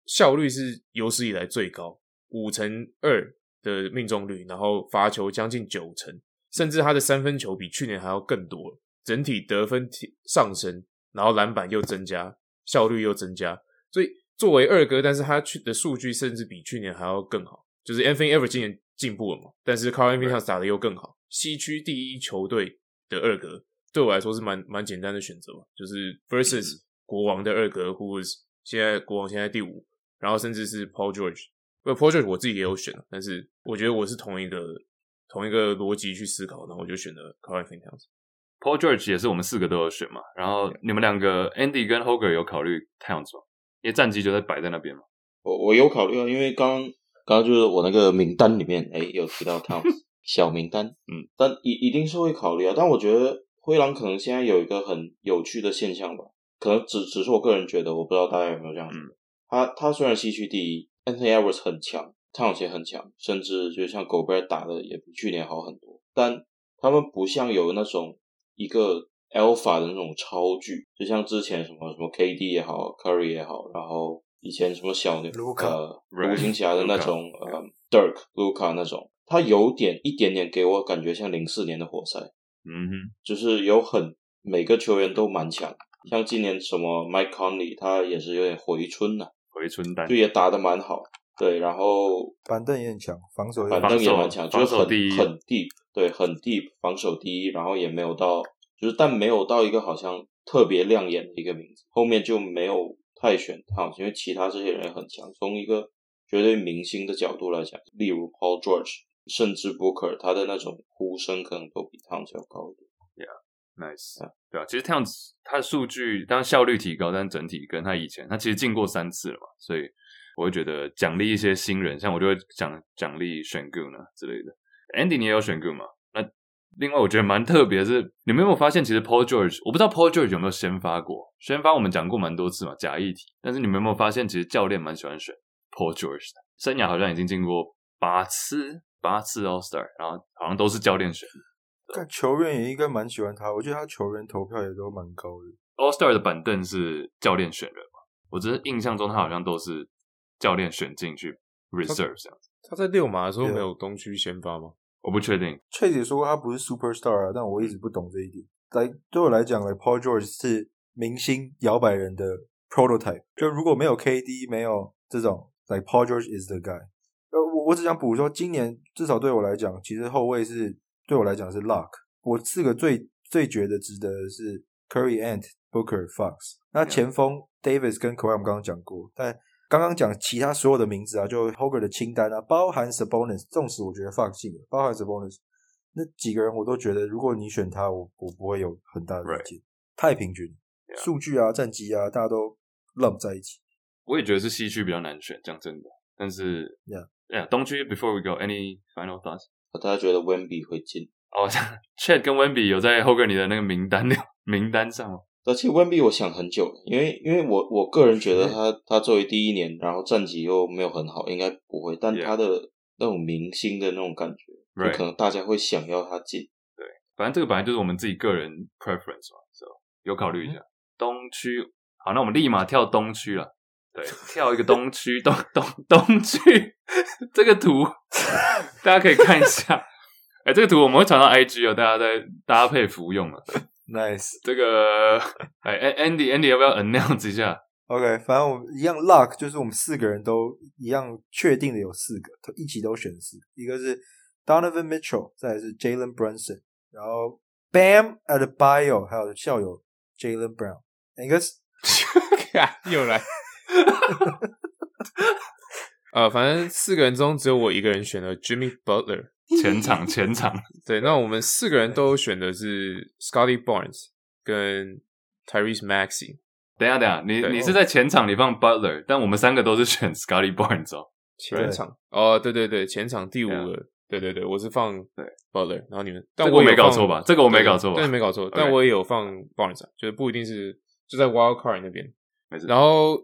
效率是有史以來最高，五成二的命中率，然後罰球將近九成，甚至他的三分球比去年還要更多了。整體得分上升，然後籃板又增加，效率又增加。所以作為二哥，但是他的數據甚至比去年還要更好，就是 MVP 今年進步了嘛。但是靠 MVP 打得又更好，西區第一球隊的二哥，對我來說是蠻蠻簡單的選擇嘛。就是 versus、mm -hmm. 國王的二哥，Who is 現在國王現在第五，然後甚至是 Paul George。不 Paul George 我自己也有選，但是我覺得我是同一個同一個邏輯去思考，然後我就選了 Karl-Anthony Towns。Paul George 也是我們四個都有選嘛。然後你們兩個 Andy 跟霍哥有考慮 Towns 嗎？因為戰績就在擺在那邊嘛。我我有考慮啊，因為剛剛剛就是我那個名單裡面，哎、欸，有提到 Towns 小名單，嗯，但一一定是會考慮啊。但我覺得灰狼可能現在有一個很有趣的現象吧，可能只只是我個人覺得，我不知道大家有沒有這樣子。嗯、他他雖然西區第一。Anthony Edwards 很強，唐斯也很強，甚至就像戈貝爾打的也比去年好很多。但他們不像有那種一個 Alpha 的那種超巨，就像之前什麼什麼 KD 也好，Curry 也好，然後以前什麼小牛 Luka, 呃盧卡、盧、right, 獨行俠的那種，Luka. 呃，Dirk 盧卡那種，他有點一點點給我感覺像零四年的活塞，嗯、mm -hmm.，就是有很每個球員都蠻強，像今年什麼 Mike Conley 他也是有點回春了、啊。維就也打得蠻好，對，然後板凳也很強，防守也很強，板凳也蠻強，就是很很 deep，對，很 deep，防守第一，然後也沒有到就是，但沒有到一個好像特別亮眼的一個名字，後面就沒有太選湯，因為其他這些人也很強。從一個絕對明星的角度來講，例如 Paul George，甚至 Booker，他的那種呼聲可能都比湯姆要高一點。Yeah. nice，對吧，啊？其實這樣子，他的數據當然效率提高，但整體跟他以前，他其實進過三次了嘛，所以我會覺得獎勵一些新人，像我就會獎獎勵選 Sengun 呢之類的。Andy，你也有選 Sengun 嘛？那另外我覺得蠻特別的是，你們有沒有發現其實 Paul George，我不知道 Paul George 有沒有先發過，先發我們講過蠻多次嘛，假議題。但是你們有沒有發現，其實教練蠻喜歡選 Paul George 的，生涯好像已經進過八次八次 All Star，然後好像都是教練選的。球員也應該蠻喜歡他，我覺得他球員投票也都蠻高的。All Star 的板凳是教練選人嗎？我只是印象中他好像都是教練選進去，reserve 這樣子。他，他在溜馬的時候沒有東區先發嗎？Yeah. 我不確定。翠姐說過他不是 Superstar 啊，但我一直不懂這一點。來，對我來講，Like Paul George 是明星搖擺人的 prototype。就如果沒有 KD，沒有這種，Like Paul George is the guy。呃，我我只想補說，今年至少對我來講，其實後衛是。對我來講是 luck，我四個最最覺得值得的是 Curry、Ant、Booker、Fox。那前鋒、yeah. Davis 跟 c u r a m 剛剛講過，但剛剛講其他所有的名字啊，就霍哥的清單啊，包含 Sabonis，縱使我覺得 Fox 坑，包含 Sabonis，那幾個人我都覺得，如果你選他，我我不會有很大的問題、right. 太平均，yeah. 數據啊、戰績啊，大家都 lump 在一起。我也覺得是西區比較難選，講真的。但是，yeah，yeah，東區 before we go any final thoughts。大家覺得溫比會進？哦、oh,Chet 跟溫比有在霍哥你的那個名單、名單上嗎？其實溫比我想很久了，因為因為我我個人覺得他他作為第一年，然後戰績又沒有很好，應該不會。但他的、yeah. 那種明星的那種感覺，right. 可能大家會想要他進。對，反正這個本來就是我們自己個人 preference 吧，是吧？有考慮一下、嗯、東區。好，那我們立馬跳東區了。對，跳一個東區，東東東，東區，這個圖大家可以看一下。哎，這個圖我們會傳到 IG 哦，大家在搭配服用啊。Nice，這個哎 Andy Andy 要不要 announce 一下？OK，反正我們一樣 Luck，就是我們四個人都一樣確定的有四個，一起都選四，一個是 Donovan Mitchell，再來是 Jalen Brunson，然後 Bam Adebayo 還有校友 Jalen Brown。Angus， 又來。哈， 呃，反正四個人中只有我一個人選了 Jimmy Butler，前場前場。對，那我們四個人都選的是 Scottie Barnes 跟 Tyrese Maxey。等一下，等一下，你你是在前場你放 Butler，、哦、但我們三個都是選 Scottie Barnes，、哦、前場。哦，對對對，前場第五個，對、啊、對，對對，我是放 Butler，對然後你們，但我，、這個、我沒搞錯吧？這個我沒搞錯，對，沒搞錯、okay.，但我也有放 Barnes，、啊、就是不一定是就在 Wild Card 那邊，沒事，然後。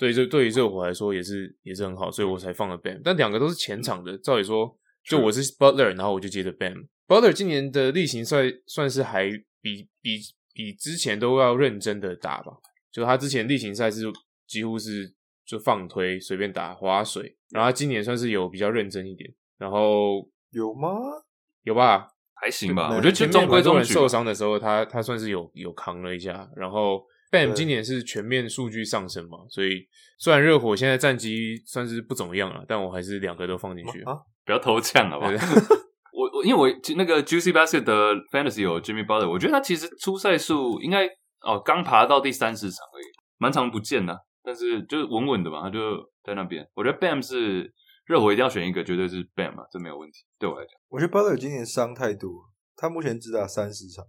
對，就對於熱火來說也是也是很好，所以我才放了 Bam。但兩個都是前場的，照理說，就我是 Butler，然後我就接着 Bam。Butler 今年的例行賽算是還比比比之前都要認真的打吧。就他之前例行賽是幾乎是就放推隨便打划水，然後他今年算是有比較認真一點。然後有嗎？有吧，還行吧。對對我覺得中規中矩。受傷的時候，他他算是有有扛了一下，然後。Bam 今年是全面數據上升嘛，所以雖然熱火現在戰績算是不怎麼樣了，但我還是兩個都放進去，不要偷搶了吧。我我因為我那個 Juicy Basket 的 Fantasy 有、哦、Jimmy Butler 我覺得他其實出賽數應該哦剛爬到第三十場而已，蠻長不見的、啊，但是就是穩穩的嘛，他就在那邊。我覺得 Bam 是熱火一定要選一個，絕對是 Bam 嘛、啊，這沒有問題。對我來講，我覺得 Butler 今年傷太多，他目前只打三十場，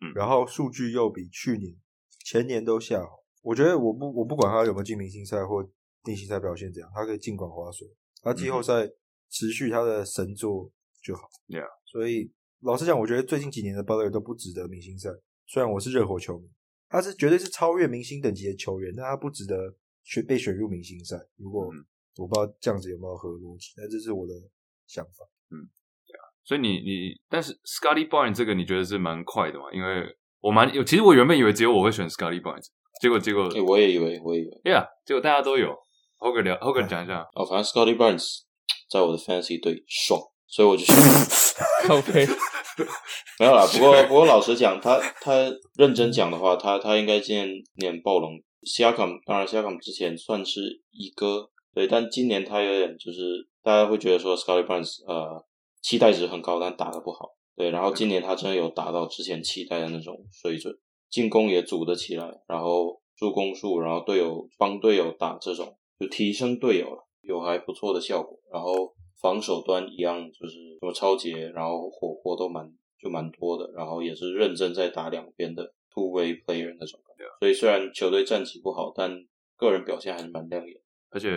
嗯，然後數據又比去年，前年都下，我覺得我不我不管他有沒有進明星賽或定星賽表現怎樣，他可以儘管划水，他季後賽持續他的神作就好。Yeah. 所以老實講，我覺得最近幾年的 Butler 都不值得明星賽。雖然我是熱火球迷，他是絕對是超越明星等級的球員，但他不值得選被選入明星賽。如果我不知道這樣子有沒有合邏輯，那這是我的想法。嗯、yeah.，所以你你但是 Scottie Barnes 這個你覺得是蠻快的嘛？因為我蠻有，其實我原本以為只有我會選 Scottie Barnes，結果結果，誒、欸、我也以為，我也以為對 e、yeah, 結果大家都有。霍哥聊，霍哥講一下、嗯。哦，反正 Scottie Barnes 在我的 fantasy 隊爽，所以我就選。OK。 沒有啦，不過不過，老實講，他他認真講的話，他他應該今年年暴龍 Siakam 當然 Siakam 之前算是一哥，對，但今年他有點就是大家會覺得說 Scottie Barnes 呃期待值很高，但打得不好。對，然後今年他真的有達到之前期待的那種水準，進攻也組得起來，然後助攻數，然後隊友幫隊友打這種就提升隊友了，有還不錯的效果。然後防守端一樣就是什麼抄截，然後火鍋都蠻就蠻多的，然後也是認真在打兩邊的 two way player 那種感覺。所以雖然球隊戰績不好，但個人表現還是蠻亮眼。而且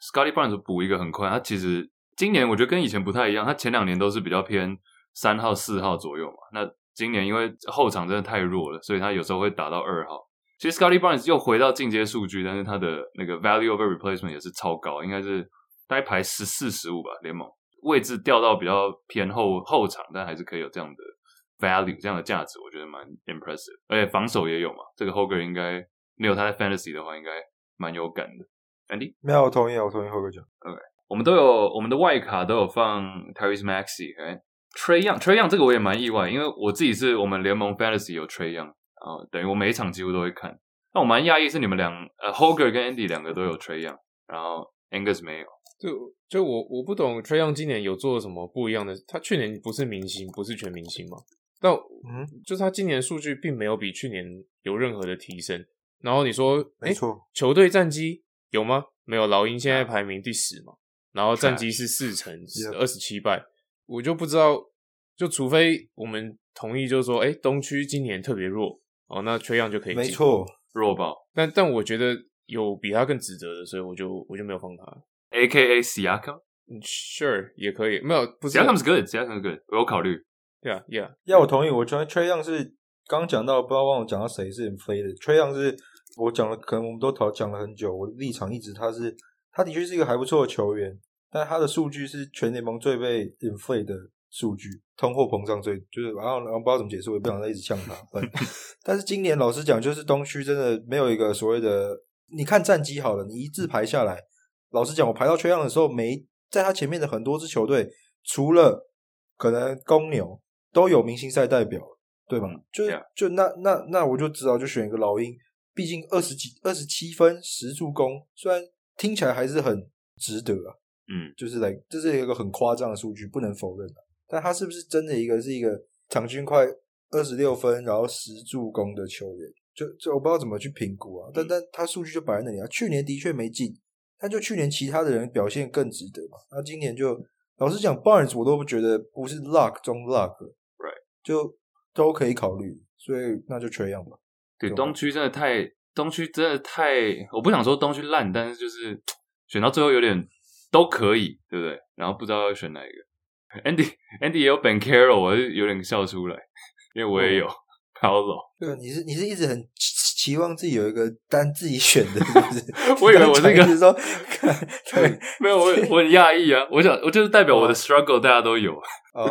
Scottie Barnes 補一個很快，他其實今年我覺得跟以前不太一樣，他前兩年都是比較偏。三號、四號左右嘛。那今年因為後場真的太弱了，所以他有時候會打到二號。其實 Scottie Barnes 又回到進階數據，但是他的那個 Value Over Replacement 也是超高，應該是大概排十四十五吧。聯盟位置掉到比較偏後後場，但還是可以有這樣的 Value、這樣的價值，我覺得蠻 impressive。而且防守也有嘛。這個 Hoger 應該沒有他在 Fantasy 的話，應該蠻有感的。Andy 沒有，我同意我同意 Hoger 講。OK，我們都有我們的外卡都有放 Tyrese Maxey，誒？Trae Young，Trae Young 這個我也蠻意外，因為我自己是我們聯盟 Fantasy 有 Trae Young，等於我每一場幾乎都會看。那我蠻訝異是你們兩，呃、uh, 霍哥跟 Andy 兩個都有 Trae Young，、嗯、然後 Angus 沒有。就就我我不懂 Trae Young 今年有做什麼不一樣的？他去年不是明星，不是全明星嘛？但嗯，就是他今年數據並沒有比去年有任何的提升。然後你說，沒錯、欸，球隊戰績有嗎？沒有，老鷹現在排名第十嘛。然後戰績是四勝二十七敗。我就不知道，就除非我們同意，就是說，哎、欸，東區今年特別弱哦，那 Trae Young 就可以進，沒錯，弱爆。但但我覺得有比他更值得的，所以我就我就沒有放他。AKA Siakam? Sure，也可以，沒有，不是 Siakam's good，Siakam's good，我有考慮。對啊，對啊，要我同意，我覺得 Trae Young 是剛講到，不知道忘了講到誰是很廢的。Trae Young 是我講了，可能我們都討講了很久，我的立場一直他是，他，是他的確是一個還不錯的球員。但他的數據是全聯盟最被 inflate 的數據，通貨膨脹最就是，然後然後不知道怎麼解釋，我也不想再一直嗆他。 但是今年老實講，就是東區真的沒有一個所謂的，你看戰績好了，你一字排下來，老實講，我排到缺氧的時候沒，每在他前面的很多支球隊，除了可能公牛都有明星賽代表，對嗎？就就那那那，那我就只好就選一個老鷹，畢竟二十幾二十七分十助攻，雖然聽起來還是很值得啊。嗯，就是來，這、就是一個很誇張的數據，不能否認、啊、但他是不是真的一個是一個場均快二十六分，然後十助攻的球員？就就我不知道怎麼去評估啊。但、嗯、但他數據就擺在那裡啊。去年的確沒進，他就去年其他的人表現更值得嘛。那今年就老實講 Barnes 我都不覺得不是 luck 中 luck，Right 就都可以考慮。所以那就缺樣吧。對，東區真的太東區真的太，我不想說東區爛，但是就是選到最後有點。都可以，對不對？然後不知道要選哪一個。Andy，Andy Andy 也有 Banchero，我就有點笑出來，因為我也有、oh. Paolo。對，你是你是一直很期望自己有一個單自己選的，是不是 我以為我這個說 對， 對，沒有，我我很訝異啊。我想，我就是代表我的 Struggle，大家都有啊。Oh.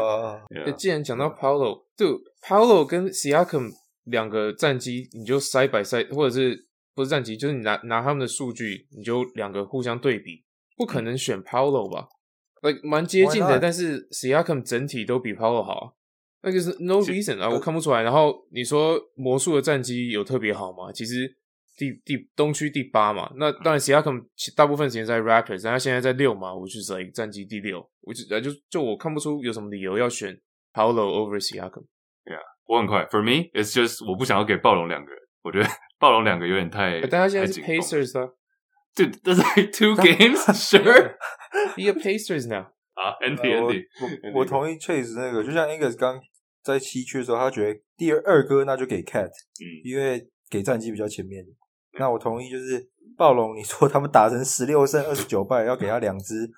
yeah. 既然講到 Paolo，就 Paolo 跟 Siakam 兩個戰績，你就 side by side 或者是不是戰績？就是你拿拿他們的數據，你就兩個互相對比。不可能選 Paolo 吧？Like 蠻接近的，但是 Siakam 整體都比 Paolo 好，那就是 no reason 啊，我看不出來。然後你說魔術的戰績有特別好嗎？其實第第東區第八嘛，那當然 Siakam 大部分時間在 Raptors，但他現在在六嘛，我就是在、like、戰績第六，我就就就我看不出有什麼理由要選 Paolo over Siakam。Yeah，我很快，For me，it's just 我不想要給暴龍兩個人，我覺得暴龍兩個有點太，啊、但他現在是 Pacers 啊。Dude, does like two games，sure，be a pastries now，啊，N P N D，我我同意 Chase 那個，就像 Angus 剛，剛在西區的時候，他覺得第二,二哥那就給 KAT，mm. 因為給戰績比較前面，那我同意就是暴龍，你說他們打成十六勝二十九敗，要給他兩隻，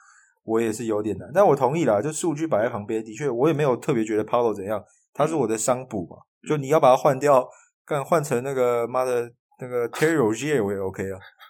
我也是有點難，但我同意了，就數據擺在旁邊，的確，我也沒有特別覺得 Paulo 怎樣，他是我的傷補嘛，就你要把他換掉，幹換成那個媽的，那個 Terry Rozier 我也 OK 了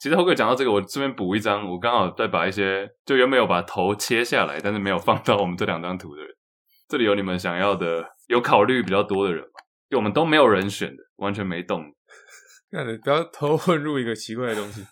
其實霍哥講到這個，我這邊補一張，我剛好再把一些就原本有把頭切下來，但是沒有放到我們這兩張圖的人。這裡有你們想要的，有考慮比較多的人嘛？就我們都沒有人選的，完全沒動。看的不要混入一個奇怪的東西，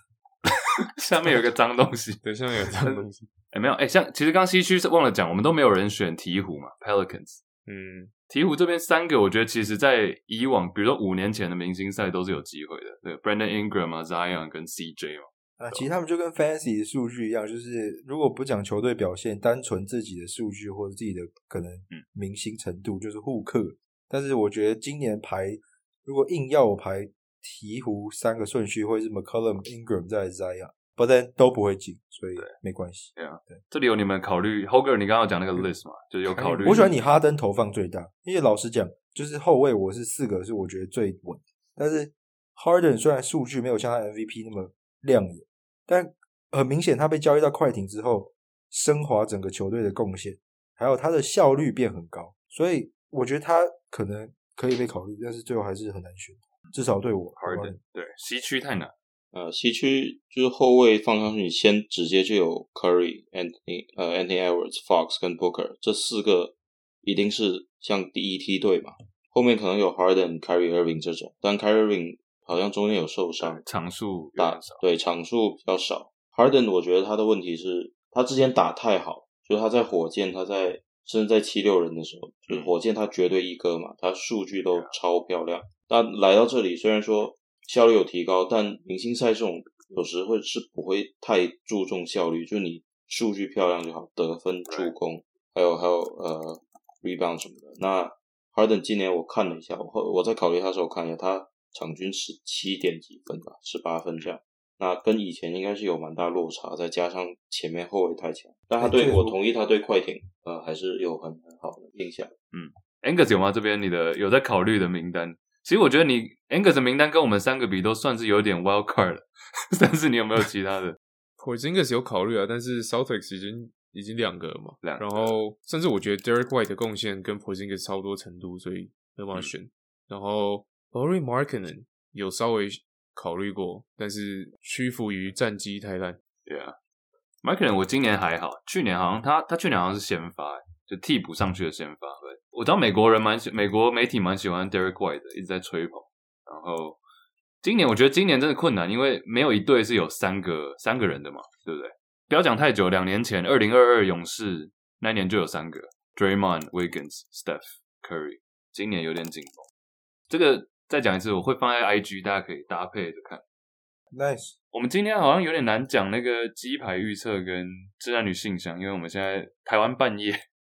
下面有個髒東西， 對，下面有髒東西。哎、欸，沒有，哎、欸，像其實剛剛西區是忘了講，我們都沒有人選鵜鶘嘛，Pelicans，嗯。鵜鶘這邊三個，我覺得其實在以往，比如說五年前的明星賽都是有機會的，對，Brandon Ingram 啊 Zion 跟 CJ 嘛，啊，其實他們就跟 Fantasy 的數據一樣，就是如果不講球隊表現，單純自己的數據或者自己的可能明星程度，就是夠格，嗯。但是我覺得今年排，如果硬要我排鵜鶘三個順序，會是 McCollum、Ingram 再 Zion。不然都不會進，所以沒關係。對啊，對，這裡有你們考慮。霍哥，你剛剛講那個 list 嘛，就是有考慮、欸。我喜歡你哈登投放最大，因為老實講，就是後衛我是四個是我覺得最穩。但是哈登雖然數據沒有像他 MVP 那麼亮眼，但很明顯他被交易到快艇之後，升華整個球隊的貢獻，還有他的效率變很高，所以我覺得他可能可以被考慮，但是最後還是很難選。至少對我，哈登對，對西區太難。呃，西區就是後衛放上去，你先直接就有 Curry、Anthony、uh,、呃 Anthony Edwards、Fox 跟 Booker 這四個，一定是像第一梯隊嘛。後面可能有 Harden、Kyrie Irving 這種，但 Kyrie Irving 好像中間有受傷，場數打，對，場數比較少。Harden 我覺得他的問題是，他之前打太好，就是他在火箭，他在甚至在七六人的時候，就是火箭他絕對一哥嘛，他數據都超漂亮。但來到這裡，雖然說。效率有提高，但明星賽這種有時會是不會太注重效率，就你數據漂亮就好，得分、助攻，還有還有呃，rebound 什麼的。那 Harden 今年我看了一下，我我在考慮他的時候我看一下，他場均17點幾分吧，18分這樣。那跟以前應該是有蠻大落差，再加上前面後衛太強，但他對我同意他對快艇呃還是有很很好的印象。嗯，Angus 有嗎？這邊你的有在考慮的名單？其實我覺得你 Angus 的名單跟我們三個比都算是有點 wildcard 了，但是你有沒有其他的 ？Porzingis 有考慮啊，但是 Celtics 已經已經兩個了嘛，兩然後甚至我覺得 Derek White 的貢獻跟 Porzingis 差不多程度，所以沒辦法選、嗯。然後 Lauri Markkanen 有稍微考慮過，但是屈服於戰績太爛。對啊、yeah.，Markkanen 我今年還好，去年好像他他去年好像是先發、欸。就替補上去的先發。對，我知道美國人蠻喜，美國媒體蠻喜歡 Derek White 的，一直在吹捧。然後今年我覺得今年真的困難，因為沒有一隊是有三個三個人的嘛，對不對？不要講太久，兩年前二零二二勇士那年就有三個 Draymond、Wiggins、Steph、Curry，今年有點緊繃。這個再講一次，我會放在 IG，大家可以搭配着看。Nice，我們今天好像有點難講那個雞排預測跟自然女性向，因為我們現在台灣半夜。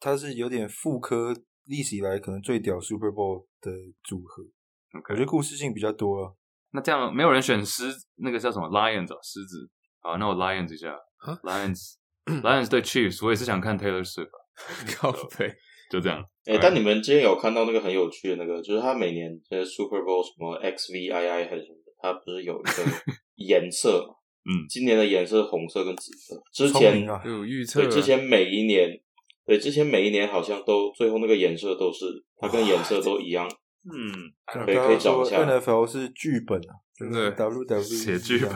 他是有點復刻歷史以來可能最屌 Super Bowl 的組合，okay. 感覺故事性比較多啊。那這樣沒有人選獅，那個叫什麼 Lions 啊、哦？獅子，好，那我 Lions 一下，Lions，Lions 對 Lions Chiefs，我也是想看 Taylor Swift 啊， 對，就這樣。哎、 欸，但你們之前有看到那個很有趣的那個，就是他每年 Super Bowl 什麼 XVII 還是什麼的，他不是有一個顏色嘛？嗯， 今年的顏色紅色跟紫色。之前、啊、有預測、啊，之前每一年。對，之前每一年好像都最後那個顏色都是它跟顏色都一樣。嗯,嗯,嗯，可以、嗯、可以找一下。NFL 是劇本啊，真的 W W 寫劇本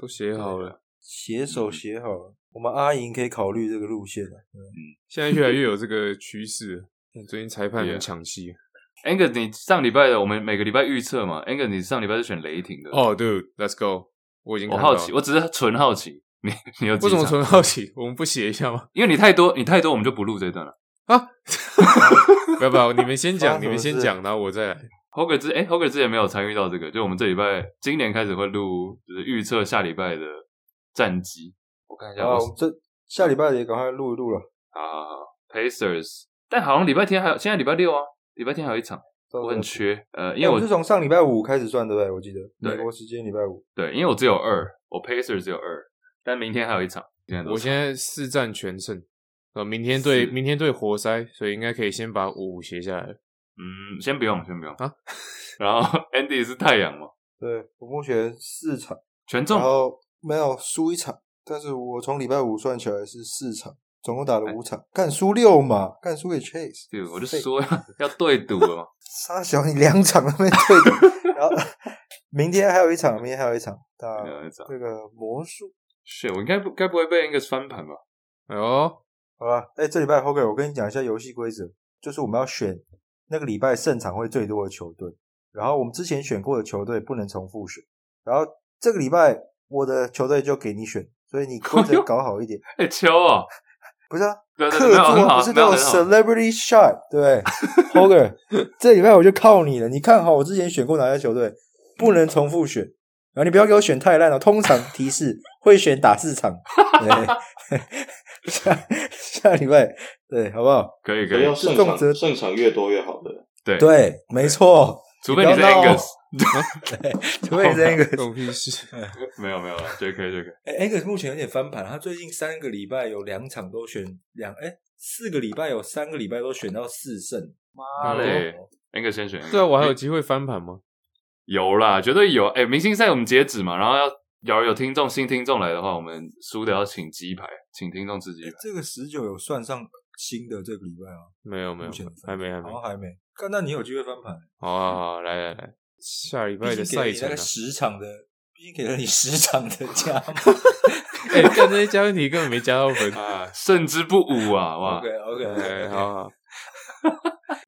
都寫好了，寫手寫好了、嗯。我們阿瑩可以考慮這個路線了、啊。嗯，現在越來越有這個趨勢。 最近裁判很搶戲。Angus 你上禮拜我們每個禮拜預測嘛 Angus 你上禮拜是選雷霆的哦。對、oh,，Let's go。我已經我好奇，我只是純好奇。你你有，不怎麼純好奇， 我們不寫一下嗎？因為你太多，你太多，我們就不錄這一段了啊！ 不要不要，你們先講，你們先講，然後我再來。h o g g e 之誒 h o g g e 之前沒有參與到這個，就我們這禮拜今年開始會錄，就是預測下禮拜的戰績。我看一下，哦，這下禮拜也趕快錄一錄了。好好好，好，Pacers，但好像禮拜天還有，現在禮拜六啊，禮拜天還有一場，我很缺。呃，因為我、欸、我是從上禮拜五開始算，對不對？我記得對美國時間禮拜五，對，因為我只有二，我 Pacers 只有二。但明天還有一場，現場我現在四戰全勝，呃。明天對明天對活塞，所以應該可以先把五寫下來。嗯，先不用，先不用啊。然後 Andy 是太陽嘛？對，我目前四場全中，然後沒有輸一場。但是我從禮拜五算起來是四場，總共打了五場，哎、幹輸六嘛？幹輸給 Chase。對，我就說呀，要對賭了嘛。沙 小你兩場都沒對賭， 然後明天還有一場，明天還有一場，打這個魔術。選我應該不該不會被 Angus 翻盤吧？哎呦，好吧，哎、欸，這禮拜霍哥，我跟你講一下遊戲規則，就是我們要選那個禮拜勝場會最多的球隊，然後我們之前選過的球隊不能重複選，然後這個禮拜我的球隊就給你選，所以你課程搞好一點。哎、 欸，球秋啊、哦， 不是啊，課桌，不是叫 Celebrity Shot，對， 霍哥，這禮拜我就靠你了，你看好我之前選過哪家球隊，不能重複選。然後你不要給我選太爛了、哦，通常提示會選打四場。 下下禮拜對，好不好？可以可以，要勝場勝場越多越好的，對對，沒錯。除非你是 Angus 你不要鬧個，你不要鬧個狗屁事。沒有沒有，這對可以這個可以。Angus 目前有點翻盤，他最近三個禮拜有兩場都選兩，哎，四個禮拜有三個禮拜都選到四勝，媽嘞、哦、Angus 先選，對啊，我還有機會翻盤嗎？有啦，絕對有！誒、欸、明星賽我們截止嘛，然後要要有,有聽眾新聽眾來的話，我們輸的要請雞排，請聽眾吃雞排。這個十九有算上新的這個禮拜啊？沒有，沒有，還沒,還沒，還沒，好還沒。那那你有機會翻盤好好好，來來來，下禮拜的賽程十、啊、場的，畢竟給了你十場的加。哎、 欸，這 些加分題根本沒加到分， 啊勝之不武啊！哇、啊、，OK OK，, okay, okay.、欸、好好。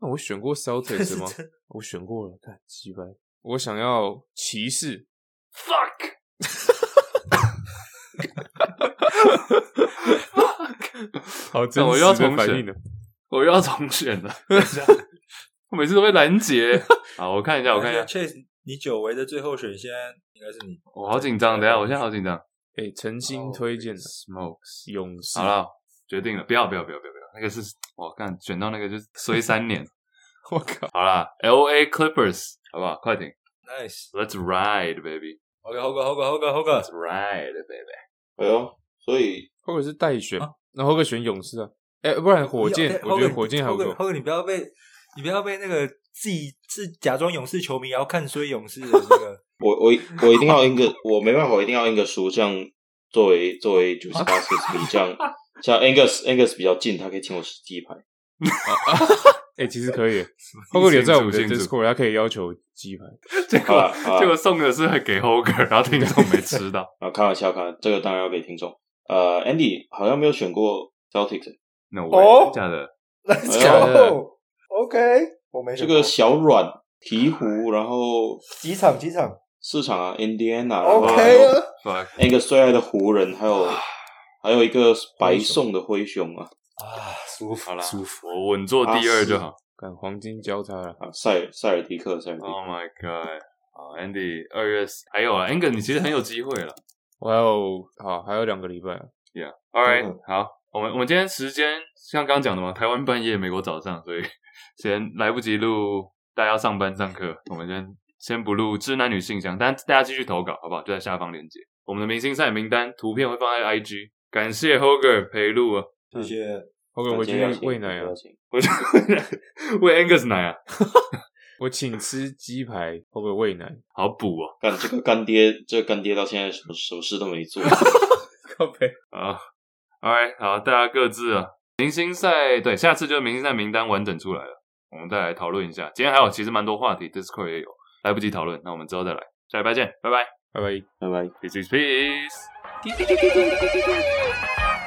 那、 啊、我選過塞爾提克嗎？ 我選過了，看雞排。我想要騎士 fuck 哈哈哈哈哈哈，fuck，好，這樣我又要重選了，我又要重選了，我每次都被攔截。好，我看一下，我看一下，Chase，你久違的最後選先應該是你，我好緊張，等一下我現在好緊張。哎，誠心推薦 Smokes 勇士，好了，決定了，不要，不要，不要，不要，那個是，我看選到那個就是衰三年，我靠，好啦 LA Clippers。好不好？快點！Nice，Let's ride, baby. OK，霍哥，霍哥，霍哥，霍哥，Let's ride, baby。哎呦，所以代、啊、霍哥是待選，霍哥選勇士啊？哎、欸，不然火箭，我覺得火箭還好。霍哥，霍哥你不要被你不要被那個自己是假裝勇士球迷，然後看衰勇士的那、這個。 我我我一定要印個，我沒辦法，我一定要印個輸這樣作為作為九十八，是不是這樣， 像 Angus Angus 比較近，他可以請我吃雞排。啊啊 哎、欸，其實可以，霍哥也在我們的 Discord，他可以要求雞排。這個這個送的是給霍哥，然後聽眾沒吃到。 啊，開玩笑，開玩笑，這個當然要給聽眾。呃、uh,，Andy 好像沒有選過 Celtics，那我哦，假的，Let's go，OK，我沒這個小軟鹈鶘，然後幾場幾場，市場啊，Indiana，OK，、okay. 那、okay. 個最愛的湖人，還 有還有一個白送的灰熊啊。 舒服好啦，舒服，我穩坐第二就好，啊、看黃金交叉了。塞塞爾提克，塞。Oh my god！好，Andy，二月四還有啊 Angus 你其實很有機會啦。我還有，好，還有兩個禮拜、啊。Yeah，All right，、嗯、好，我們我們今天時間像剛剛講的嘛，台灣半夜，美國早上，所以先來不及錄，大家要上班上課，我們先先不錄汁男女信箱，但大家繼續投稿好不好？就在下方鏈接，我們的明星賽名單圖片會放在 IG，感謝霍哥陪錄啊，謝謝。後背我去餵奶啊，我去 餵 Angus 奶啊， 我請吃雞排後面餵奶，好補哦。乾、這個、乾爹，這個乾爹到現在什麼事都沒做。 告白啊，All right 好，大家各自啊。明星賽對，下次就是明星賽名單完整出來了，我們再來討論一下。今天還有其實蠻多話題，Discord 也有，來不及討論，那我們之後再來。下禮拜見，拜拜拜拜拜拜，Peace，Peace。Bye bye. Bye bye. This is peace.